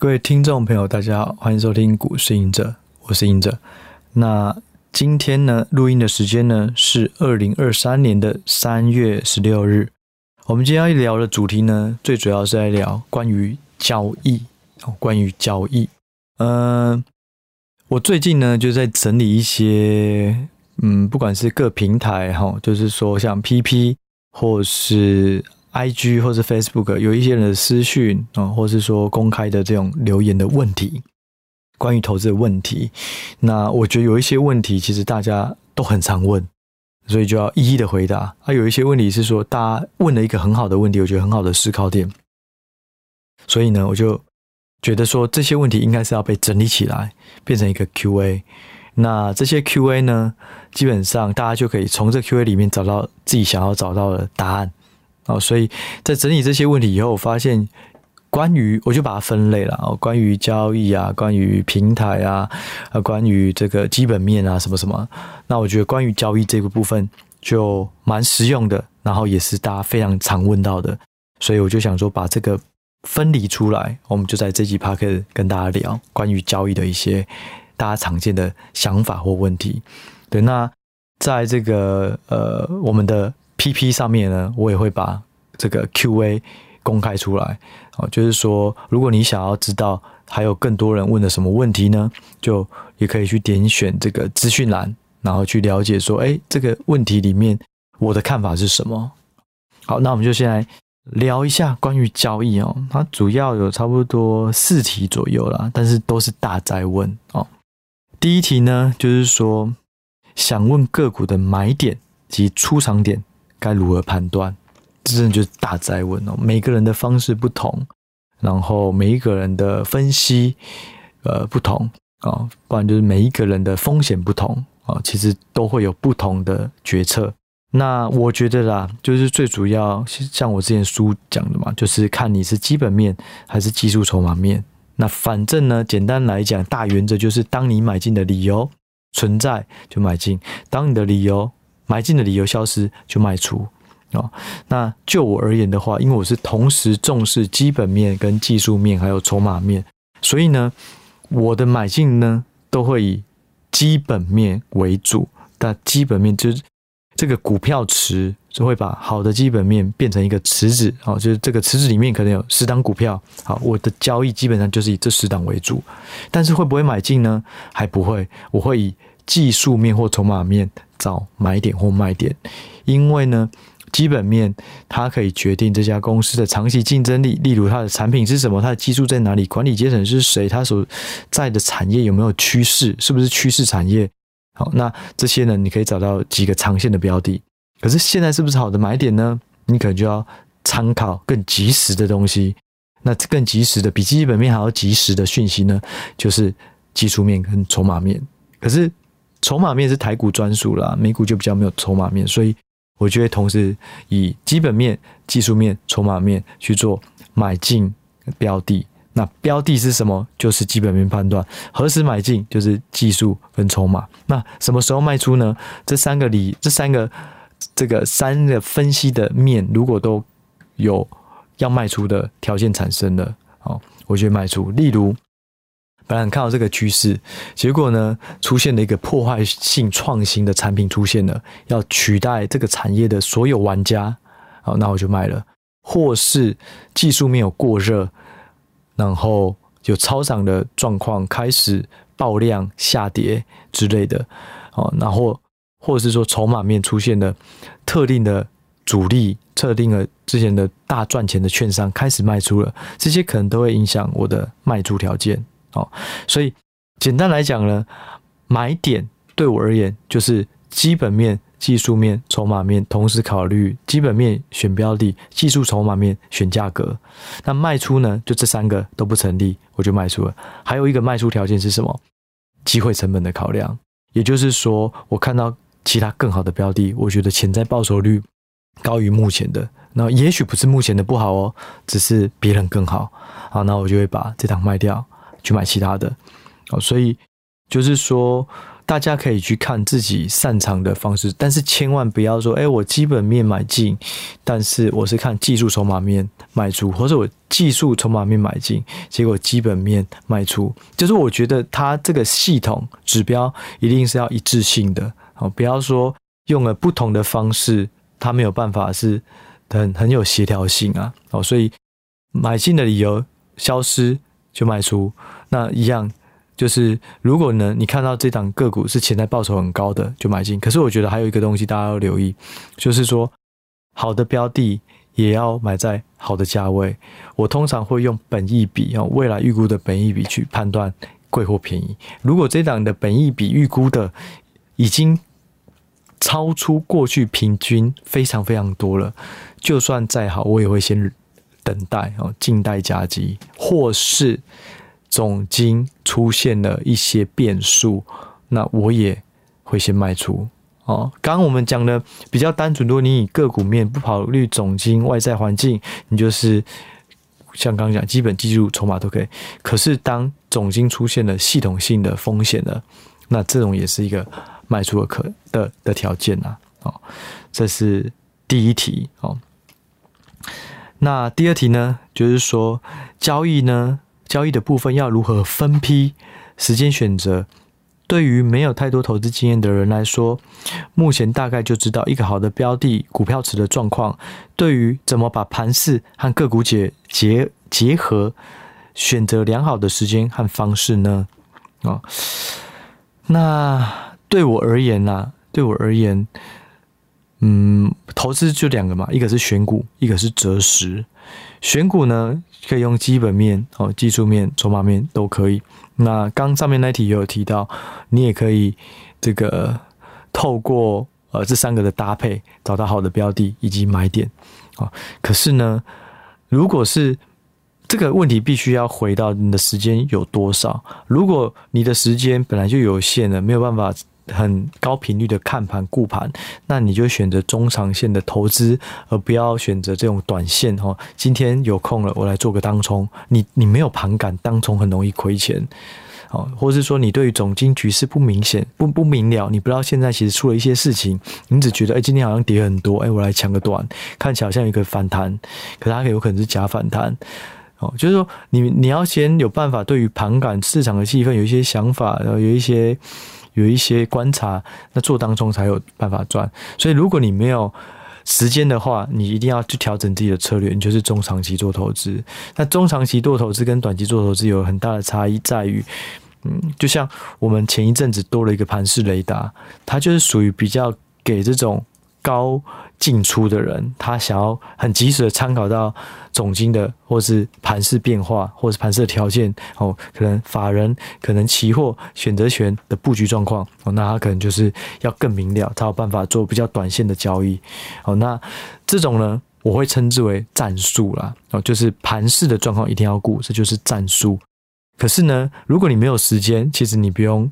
各位聽眾朋友，大家好，歡迎收聽《股市隱者》，我是隱者。那今天呢，錄音的時間呢是二零二三年的三月十六日。我們今天要聊的主題呢，最主要是來聊關於交易哦，關於交易。嗯、呃，我最近呢就在整理一些，嗯，不管是各平台哈，就是說像 PP 或是。IG 或者 Facebook 有一些人的私訊啊、嗯，或是說公開的這種留言的問題，關於投資的問題，那我覺得有一些問題其實大家都很常問，所以就要一一的回答。啊，有一些問題是說大家問了一個很好的問題，我覺得很好的思考點，所以呢，我就覺得說，這些問題應該是要被整理起來，變成一個 QA。那這些 QA 呢，基本上大家就可以從這 QA 裡面找到自己想要找到的答案。哦，所以在整理這些問題以後，我發現關於我就把它分類了，關於交易啊、關於平台啊、啊，關於這個基本面啊，什麼什麼。那我覺得關於交易這個部分就蠻實用的，然後也是大家非常常問到的，所以我就想說把這個分離出來，我們就在這集 Podcast 跟大家聊關於交易的一些大家常見的想法或問題。對，那在這個呃我們的。PP 上面呢，我也會把這個 QA 公開出來哦，就是說，如果你想要知道還有更多人問的什麼問題呢，就也可以去點選這個資訊欄，然後去了解說，哎，這個問題裡面我的看法是什麼。好，那我們就先來聊一下關於交易哦，它主要有差不多四題左右啦，但是都是大哉問哦。第一題呢，就是說想問個股的買點及出場點該如何判斷？這真的就是大哉問哦。每個人的方式不同，然後每一個人的分析呃不同啊、哦，不然就是每一個人的風險不同啊、哦，其實都會有不同的決策。那我覺得啦，就是最主要像我之前書講的嘛，就是看你是基本面還是技術籌碼面。那反正呢，簡單來講，大原則就是：當你買進的理由存在，就買進；當你的理由。買進的理由消失就賣出哦，那就我而言的話，因為我是同時重視基本面、跟技術面，還有籌碼面，所以呢，我的買進呢都會以基本面為主。但基本面就是這個股票池就會把好的基本面變成一個池子啊，就是這個池子裡面可能有十檔股票。好，我的交易基本上就是以這十檔為主，但是會不會買進呢？還不會，我會以技術面或籌碼面。找買點或賣點，因為呢，基本面它可以決定這家公司的長期競爭力，例如它的產品是什麼，它的技術在哪裡，管理階層是誰，它所在的產業有沒有趨勢，是不是趨勢產業？好，那這些呢，你可以找到幾個長線的標的。可是現在是不是好的買點呢？你可能就要參考更及時的東西。那更及時的，比基本面還要及時的訊息呢，就是技術面跟籌碼面。可是。籌碼面是台股專屬啦，美股就比較沒有籌碼面，所以我覺得同時以基本面、技術面、籌碼面去做買進標的。那標的是什麼？就是基本面判斷，何時買進就是技術跟籌碼。那什麼時候賣出呢？這三個裡，這三個，這個三個分析的面，如果都有要賣出的條件產生了，我覺得賣出。例如，突然看到這個趨勢，結果呢，出現了一個破壞性創新的產品出現了，要取代這個產業的所有玩家，好，那我就賣了；或是技術面有過熱，然後有超漲的狀況開始爆量下跌之類的，哦，然後或者是說籌碼面出現了特定的主力、特定的之前的大賺錢的券商開始賣出了，這些可能都會影響我的賣出條件。哦，所以簡單來講呢，買點對我而言就是基本面、技術面、籌碼面同時考慮，基本面選標的，技術籌碼面選價格。那賣出呢，就這三個都不成立，我就賣出了。還有一個賣出條件是什麼？機會成本的考量，也就是說，我看到其他更好的標的，我覺得潛在報酬率高於目前的，那也許不是目前的不好哦，只是別人更好。好，那我就會把這檔賣掉。去買其他的，哦，所以就是說，大家可以去看自己擅長的方式，但是千萬不要說，哎、欸，我基本面買進，但是我是看技術籌碼面賣出，或是我技術籌碼面買進，結果基本面賣出，就是我覺得它這個系統指標一定是要一致性的，哦，不要說用了不同的方式，它沒有辦法是很很有協調性啊，哦，所以買進的理由消失。就賣出，那一樣就是，如果呢，你看到這檔個股是潛在報酬很高的，就買進。可是我覺得還有一個東西大家要留意，就是說，好的標的也要買在好的價位。我通常會用本益比啊，用未來預估的本益比去判斷貴或便宜。如果這檔的本益比預估的已經超出過去平均非常非常多了，就算再好，我也會先。等待哦，靜待加急，或是總經出現了一些變數，那我也會先賣出哦。剛，剛我們講的比較單純，如果你以個股面不考慮總經外在環境，你就是像剛剛講，基本技術籌碼都可以。可是當總經出現了系統性的風險了，那這種也是一個賣出的可的的條件吶、啊。哦，這是第一題哦。那第二題呢，就是說交易呢，交易的部分要如何分批、時間選擇？對於沒有太多投資經驗的人來說，目前大概就知道一個好的標的股票池的狀況。對於怎麼把盤勢和個股解結結合，選擇良好的時間和方式呢？啊，那對我而言啊，對我而言。嗯，投資就兩個嘛，一個是選股，一個是擇時。選股呢可以用基本面、哦技術面、籌碼面都可以。那剛上面那題也有提到，你也可以這個透過呃這三個的搭配找到好的標的以及買點。啊、哦，可是呢，如果是這個問題，必須要回到你的時間有多少。如果你的時間本來就有限了，沒有辦法。很高頻率的看盤顧盤，那你就選擇中長線的投資，而不要選擇這種短線。哈，今天有空了，我來做個當沖。你你沒有盤感，當沖很容易虧錢。哦，或者是說你對於總經局勢不明顯，不不明了，你不知道現在其實出了一些事情。你只覺得，哎、欸，今天好像跌很多，哎、欸，我來搶個短，看起來好像有一個反彈，可是它有可能是假反彈。哦，就是說你你要先有辦法對於盤感市場的氣氛有一些想法，然後有一些。有一些觀察，那做當中才有辦法賺。所以，如果你沒有時間的話，你一定要去調整自己的策略。你就是中長期做投資。那中長期做投資跟短期做投資有很大的差異在於，嗯，就像我們前一陣子多了一個盤式雷達，它就是屬於比較給這種。高進出的人，他想要很及時的參考到總經的，或是盤勢變化，或者是盤勢條件哦，可能法人，可能期貨選擇權的布局狀況哦，那他可能就是要更明了，才有辦法做比較短線的交易哦。那這種呢，我會稱之為戰術啦哦，就是盤勢的狀況一定要顧，這就是戰術。可是呢，如果你沒有時間，其實你不用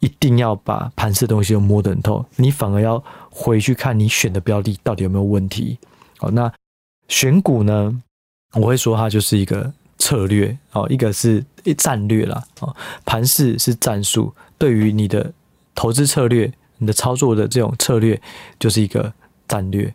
一定要把盤勢的東西都摸得很透，你反而要回去看你選的標的到底有沒有問題，那選股呢，我會說它就是一個策略，一個是戰略啦。盤勢是戰術，對於你的投資策略、你的操作的這種策略，就是一個戰略。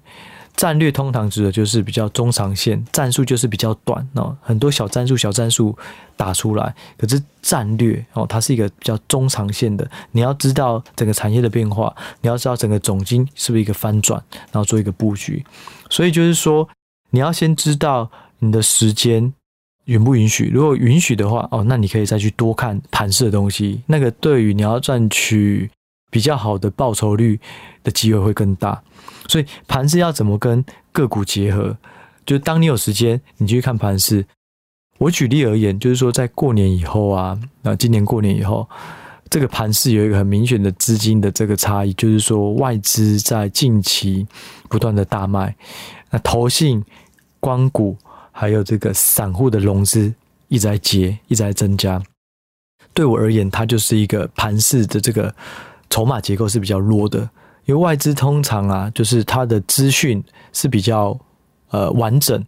戰略通常指的就是比較中長線，戰術就是比較短哦。很多小戰術、小戰術打出來，可是戰略哦，它是一個比較中長線的。你要知道整個產業的變化，你要知道整個總經是不是一個翻轉，然後做一個布局。所以就是說，你要先知道你的時間允不允許。如果允許的話，哦，那你可以再去多看盤勢的東西。那個對於你要賺取比較好的報酬率的機會會更大。所以盤勢要怎麼跟個股結合？就是當你有時間，你就去看盤勢。我舉例而言，就是說在過年以後啊，那、啊、今年過年以後，這個盤勢有一個很明顯的資金的這個差異，就是說外資在近期不斷的大賣，那投信、光谷還有這個散戶的融資一直在結，一直在增加。對我而言，它就是一個盤勢的這個籌碼結構是比較弱的。因為外資通常啊，就是它的資訊是比較呃完整，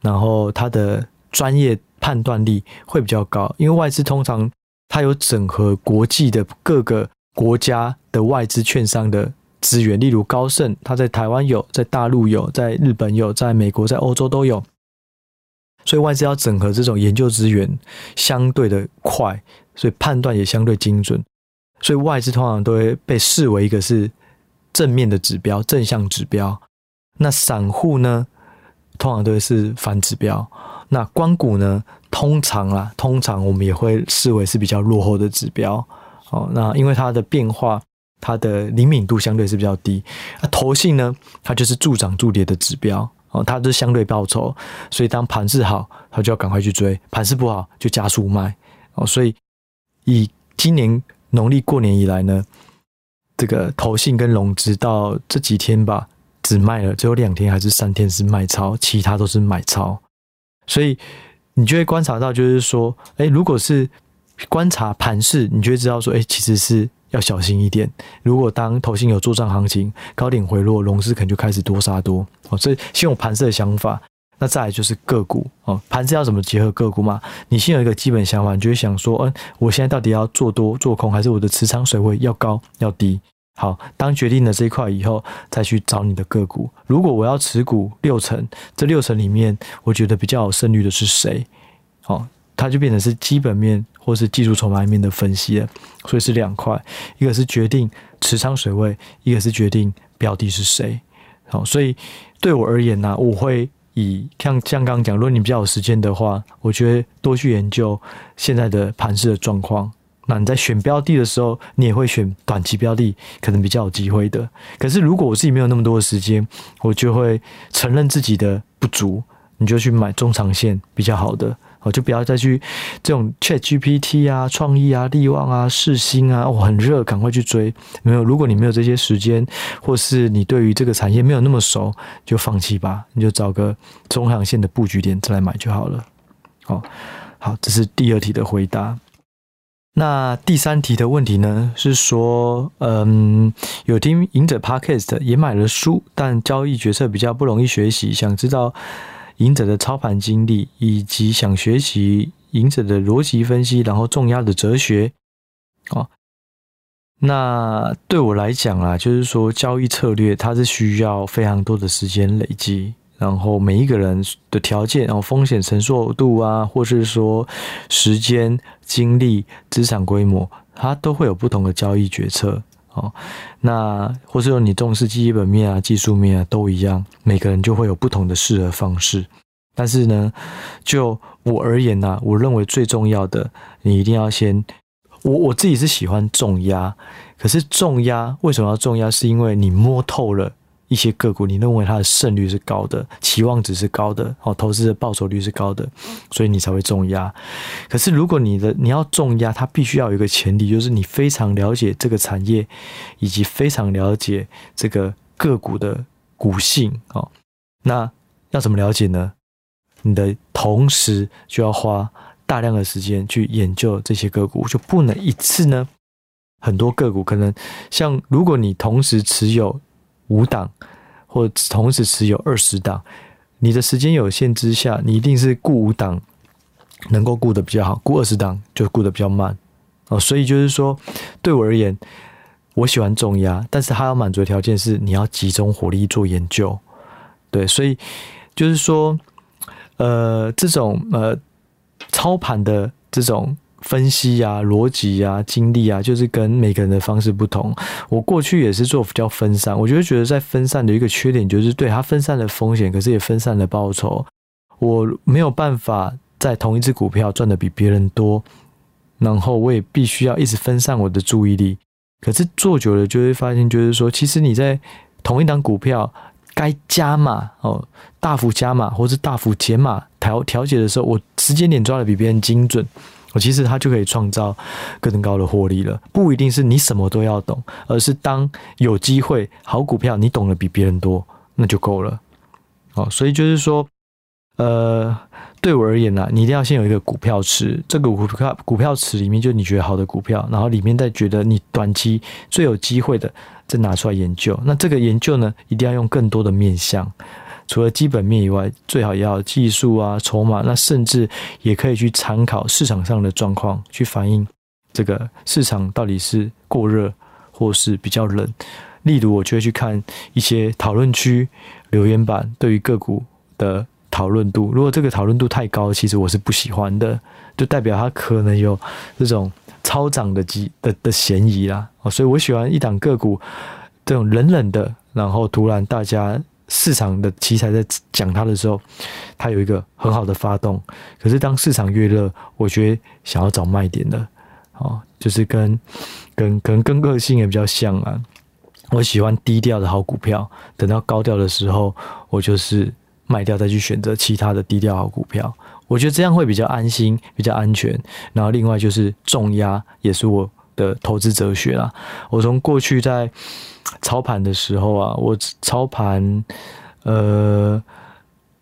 然後它的專業判斷力會比較高。因為外資通常它有整合國際的各個國家的外資券商的資源，例如高盛，它在台灣有，在大陸有，在日本有，在美國、在歐洲都有。所以外資要整合這種研究資源，相對的快，所以判斷也相對精準。所以外資通常都會被視為一個是。正面的指標，正向指標，那散戶呢，通常都是反指標。那光谷呢，通常啦，通常我們也會視為是比較落後的指標哦。那因為它的變化，它的靈敏度相對是比較低。那投信呢，它就是助漲助跌的指標哦，它都是相對報酬。所以當盤勢好，它就要趕快去追；盤勢不好，就加速賣哦。所以以今年農曆過年以來呢。這個投信跟融資到這幾天吧，只賣了只有兩天還是三天是賣超，其他都是買超，所以你就會觀察到，就是說，哎、欸，如果是觀察盤勢，你就會知道說，哎、欸，其實是要小心一點。如果當投信有做賬行情，高點回落，融資可能就開始多殺多，哦，所以先有盤勢的想法。那再來就是個股哦，盤子要怎麼結合個股嘛？你先有一個基本想法，你就會想說，嗯，我現在到底要做多做空，還是我的持倉水位要高要低？好，當決定了這一塊以後，再去找你的個股。如果我要持股六成，這六成裡面，我覺得比較有勝率的是誰？哦，它就變成是基本面或是技術籌碼面的分析了。所以是兩塊，一個是決定持倉水位，一個是決定標的是誰。好，所以對我而言呢、啊，我會。以像，像剛講，如果你比較有時間的話，我覺得多去研究現在的盤勢的狀況。那你在選標的的時候，你也會選短期標的，可能比較有機會的。可是如果我自己沒有那麼多的時間，我就會承認自己的不足，你就去買中長線比較好的。就不要再去這種 Chat GPT 啊、創意啊、力旺啊、世芯啊，哦，很熱，趕快去追。沒有，如果你沒有這些時間，或是你對於這個產業沒有那麼熟，就放棄吧。你就找個中長線的佈局點再來買就好了。哦，好，這是第二題的回答。那第三題的問題呢？是說，嗯，有聽隱者 Podcast 也買了書，但交易決策比較不容易學習，想知道。隱者的操盤經歷，以及想學習隱者的邏輯分析，然後重壓的哲學，哦。那對我來講啊，就是說交易策略它是需要非常多的時間累積，然後每一個人的條件，然後風險承受度啊，或是說時間、精力、資產規模，它都會有不同的交易決策。哦，那或是說你重視基本面啊、技術面啊，都一樣，每個人就會有不同的適合方式。但是呢，就我而言呢、啊，我認為最重要的，你一定要先，我我自己是喜歡重壓。可是重壓為什麼要重壓？是因為你摸透了。一些個股，你認為它的勝率是高的，期望值是高的，哦，投資的報酬率是高的，所以你才會重壓。可是，如果你的你要重壓，它必須要有一個前提，就是你非常了解這個產業，以及非常了解這個個股的股性哦。那要怎麼了解呢？你的同時就要花大量的時間去研究這些個股，就不能一次呢很多個股，可能像如果你同時持有。五檔，或同時持有二十檔，你的時間有限之下，你一定是顧五檔能夠顧得比較好，顧二十檔就顧得比較慢哦。所以就是說，對我而言，我喜歡重壓，但是還要滿足的條件是你要集中火力做研究，對，所以就是說，呃，這種呃操盤的這種。分析呀、啊，邏輯呀，經歷啊，就是跟每個人的方式不同。我過去也是做比較分散，我就會覺得在分散的一個缺點就是，對它分散了風險，可是也分散了報酬。我沒有辦法在同一隻股票賺得比別人多，然後我也必須要一直分散我的注意力。可是做久了就會發現，就是說，其實你在同一檔股票該加碼哦，大幅加碼或是大幅減碼調調節的時候，我時間點抓得比別人精準。其實它就可以創造更高的獲利了，不一定是你什麼都要懂，而是當有機會好股票，你懂得比別人多，那就夠了。好，所以就是說，呃，對我而言呢，啊，你一定要先有一個股票池，這個股票股票池裡面就是你覺得好的股票，然後裡面再覺得你短期最有機會的，再拿出來研究。那這個研究呢，一定要用更多的面向。除了基本面以外，最好也要技術啊、籌碼。那甚至也可以去參考市場上的狀況，去反映這個市場到底是過熱或是比較冷。例如，我就會去看一些討論區、留言板對於個股的討論度。如果這個討論度太高，其實我是不喜歡的，就代表它可能有這種超漲的機的的嫌疑啦。所以我喜歡一檔個股這種冷冷的，然後突然大家。市場的題材在講它的時候，它有一個很好的發動。可是當市場越熱，我覺得想要找賣點的，哦，就是跟跟可能跟個性也比較像啊。我喜歡低調的好股票，等到高調的時候，我就是賣掉，再去選擇其他的低調好股票。我覺得這樣會比較安心，比較安全。然後另外就是重壓，也是我的投資哲學啦，我從過去在操盤的時候啊，我操盤呃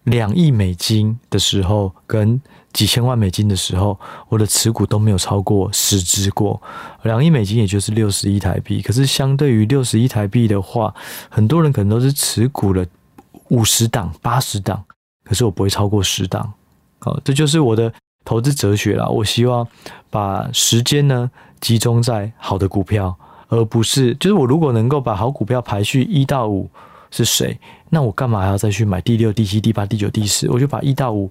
兩億美金的時候，跟幾千萬美金的時候，我的持股都沒有超過十支過。兩億美金也就是六十億台幣，可是相對於六十億台幣的話，很多人可能都是持股了五十檔、八十檔，可是我不會超過十檔。好、哦，這就是我的。投資哲學啦，我希望把時間呢集中在好的股票，而不是就是我如果能夠把好股票排序一到五是誰，那我幹嘛還要再去買第六、第七、第八、第九、第十？我就把一到五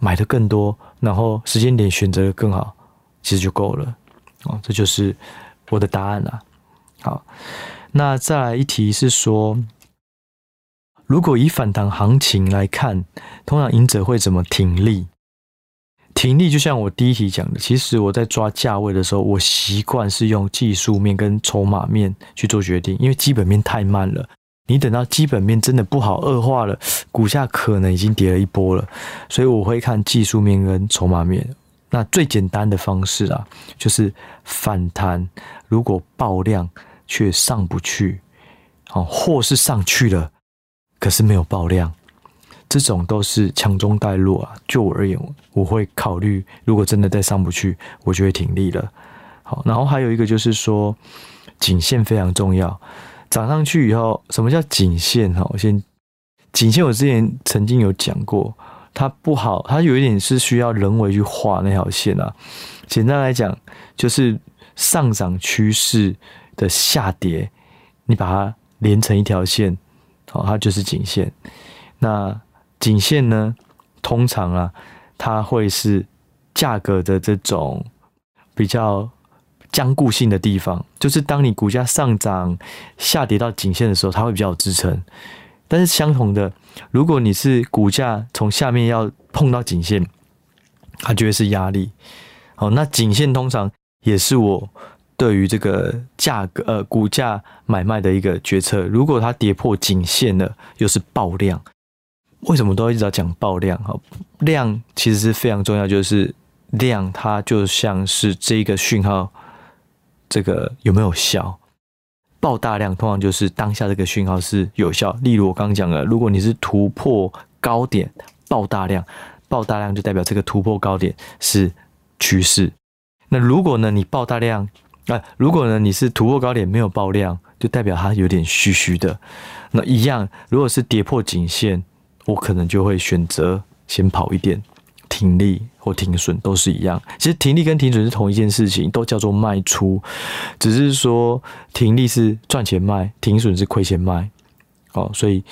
買的更多，然後時間點選擇更好，其實就夠了。哦，這就是我的答案啦。好，那再來一題是說，如果以反彈行情來看，通常隱者會怎麼停利？停利就像我第一題講的，其實我在抓價位的時候，我習慣是用技術面跟籌碼面去做決定，因為基本面太慢了。你等到基本面真的不好惡化了，股價可能已經跌了一波了，所以我會看技術面跟籌碼面。那最簡單的方式啊，就是反彈如果爆量卻上不去，哦，或是上去了，可是沒有爆量。這種都是強中帶弱啊。就我而言，我會考慮，如果真的再上不去，我就會停利了。好，然後還有一個就是說，頸線非常重要。漲上去以後，什麼叫頸線？哈，我先頸線，我之前曾經有講過，它不好，它有一點是需要人為去畫那條線啊。簡單來講，就是上漲趨勢的下跌，你把它連成一條線，好，它就是頸線。那頸線呢，通常啊，它會是價格的這種比較僵固性的地方，就是當你股價上漲、下跌到頸線的時候，它會比較有支撐。但是相同的，如果你是股價從下面要碰到頸線，它就會是壓力。好、哦，那頸線通常也是我對於這個價格呃股價買賣的一個決策。如果它跌破頸線了，又是爆量。為什麼都一直在講爆量？哈，量其實是非常重要，就是量它就像是這個訊號，這個有沒有效？爆大量通常就是當下這個訊號是有效。例如我剛剛講了，如果你是突破高點，爆大量，爆大量就代表這個突破高點是趨勢。那如果呢你爆大量，那，呃，如果呢你是突破高點沒有爆量，就代表它有點虛虛的。那一樣，如果是跌破頸線。我可能就會選擇先跑一點，停利或停損都是一樣。其實停利跟停損是同一件事情，都叫做賣出，只是說停利是賺錢賣，停損是虧錢賣。哦，所以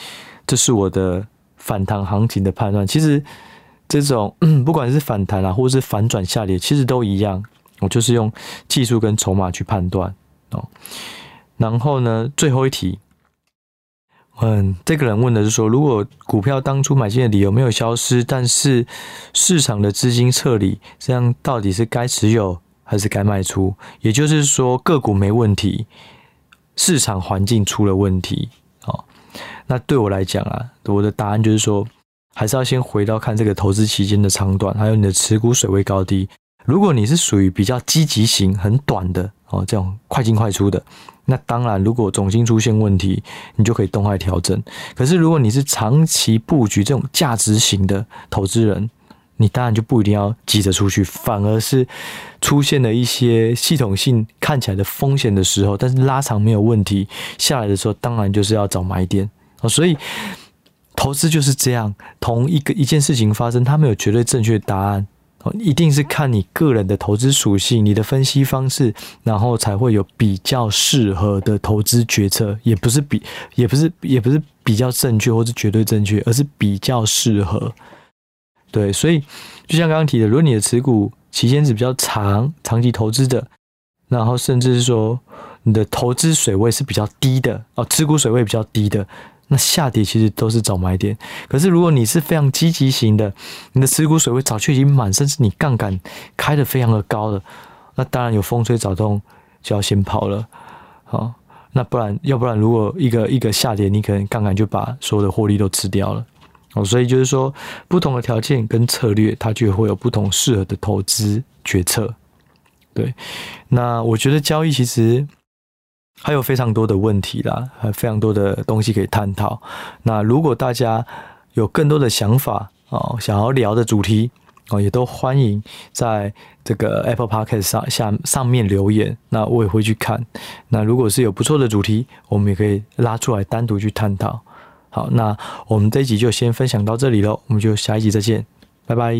這是我的反彈行情的判斷。其實這種，嗯，不管是反彈啊，或是反轉下跌，其實都一樣。我就是用技術跟籌碼去判斷哦。然後呢，最後一題。嗯，這個人問的是說，如果股票當初買進的理由沒有消失，但是市場的資金撤離，這樣到底是該持有還是該賣出？也就是說，個股沒問題，市場環境出了問題。哦，那對我來講啊，我的答案就是說，還是要先回到看這個投資期間的長短，還有你的持股水位高低。如果你是屬於比較積極型、很短的哦，這種快進快出的，那當然，如果總經出現問題，你就可以動態調整。可是，如果你是長期布局這種價值型的投資人，你當然就不一定要急着出去，反而是出現了一些系統性看起來的風險的時候，但是拉長沒有問題下來的時候，當然就是要找買點哦。所以，投資就是這樣，同一個一件事情發生，它沒有絕對正確的答案。一定是看你個人的投資屬性、你的分析方式，然後才會有比較適合的投資決策。也不是比，也不是，也不是比較正確或是絕對正確，而是比較適合。對，所以就像剛剛提的，如果你的持股期間是比較長、長期投資者，然後甚至是說你的投資水位是比較低的哦，持股水位比較低的。那下跌其實都是找買點，可是如果你是非常積極型的，你的持股水位早就已經滿，甚至你槓桿開的非常的高了，那當然有風吹草動就要先跑了，好，那不然要不然如果一個一個下跌，你可能槓桿就把所有的獲利都吃掉了，哦，所以就是說不同的條件跟策略，它就會有不同適合的投資決策，對，那我覺得交易其實。還有非常多的問題啦，還有非常多的東西可以探討。那如果大家有更多的想法哦，想要聊的主題哦，也都歡迎在這個 Apple Podcast 上下上面留言。那我也會去看。那如果是有不錯的主題，我們也可以拉出來單獨去探討。好，那我們這一集就先分享到這裡了，我們就下一集再見，拜拜。